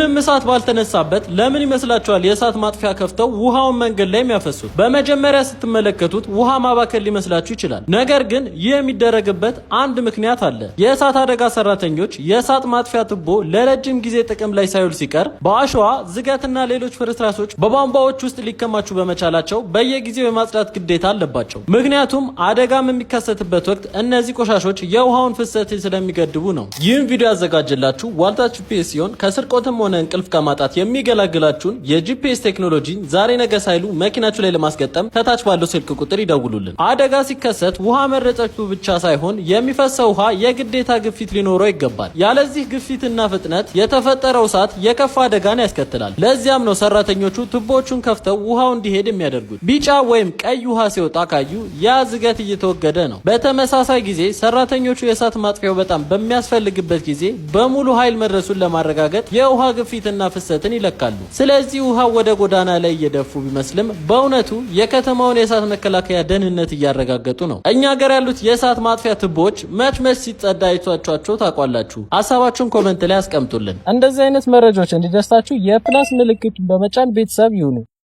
ምንም እሳት ባልተነሳበት ለምን ይመስላችኋል የእሳት ማጥፊያ ከፍተው ውሃውን መንገድ ላይ የሚያፈሱት? በመጀመሪያ ስትመለከቱት ውሃ ማባከል ሊመስላችሁ ይችላል። ነገር ግን ይህ የሚደረግበት አንድ ምክንያት አለ። የእሳት አደጋ ሰራተኞች የእሳት ማጥፊያ ቱቦ ለረጅም ጊዜ ጥቅም ላይ ሳይውል ሲቀር በአሸዋ ዝገትና ሌሎች ፍርስራሶች በቧንቧዎች ውስጥ ሊከማቹ በመቻላቸው በየጊዜው የማጽዳት ግዴታ አለባቸው። ምክንያቱም አደጋም የሚከሰትበት ወቅት እነዚህ ቆሻሾች የውሃውን ፍሰት ስለሚገድቡ ነው። ይህም ቪዲዮ ያዘጋጀላችሁ ዋልታችሁ ፒስ ሲሆን ከስርቆትም ሆነ ሆነ እንቅልፍ ከማጣት የሚገላግላችሁን የጂፒኤስ ቴክኖሎጂን ዛሬ ነገ ሳይሉ መኪናችሁ ላይ ለማስገጠም ከታች ባለው ስልክ ቁጥር ይደውሉልን። አደጋ ሲከሰት ውሃ መረጨቱ ብቻ ሳይሆን የሚፈሰው ውሃ የግዴታ ግፊት ሊኖረው ይገባል። ያለዚህ ግፊትና ፍጥነት የተፈጠረው እሳት የከፋ አደጋን ያስከትላል። ለዚያም ነው ሰራተኞቹ ቱቦቹን ከፍተው ውሃው እንዲሄድ የሚያደርጉት። ቢጫ ወይም ቀይ ውሃ ሲወጣ ካዩ ያ ዝገት እየተወገደ ነው። በተመሳሳይ ጊዜ ሰራተኞቹ የእሳት ማጥፊያው በጣም በሚያስፈልግበት ጊዜ በሙሉ ኃይል መድረሱን ለማረጋገጥ የውሃ ግፊትና ፍሰትን ይለካሉ። ስለዚህ ውሃ ወደ ጎዳና ላይ እየደፉ ቢመስልም በእውነቱ የከተማውን የእሳት መከላከያ ደህንነት እያረጋገጡ ነው። እኛ ሀገር ያሉት የእሳት ማጥፊያ ትቦዎች መች መች ሲጸዳ አይቷቸው ታውቋላችሁ? ሀሳባችሁን ኮመንት ላይ አስቀምጡልን። እንደዚህ አይነት መረጃዎች እንዲደርሳችሁ የፕላስ ምልክቱን በመጫን ቤተሰብ ይሁኑ።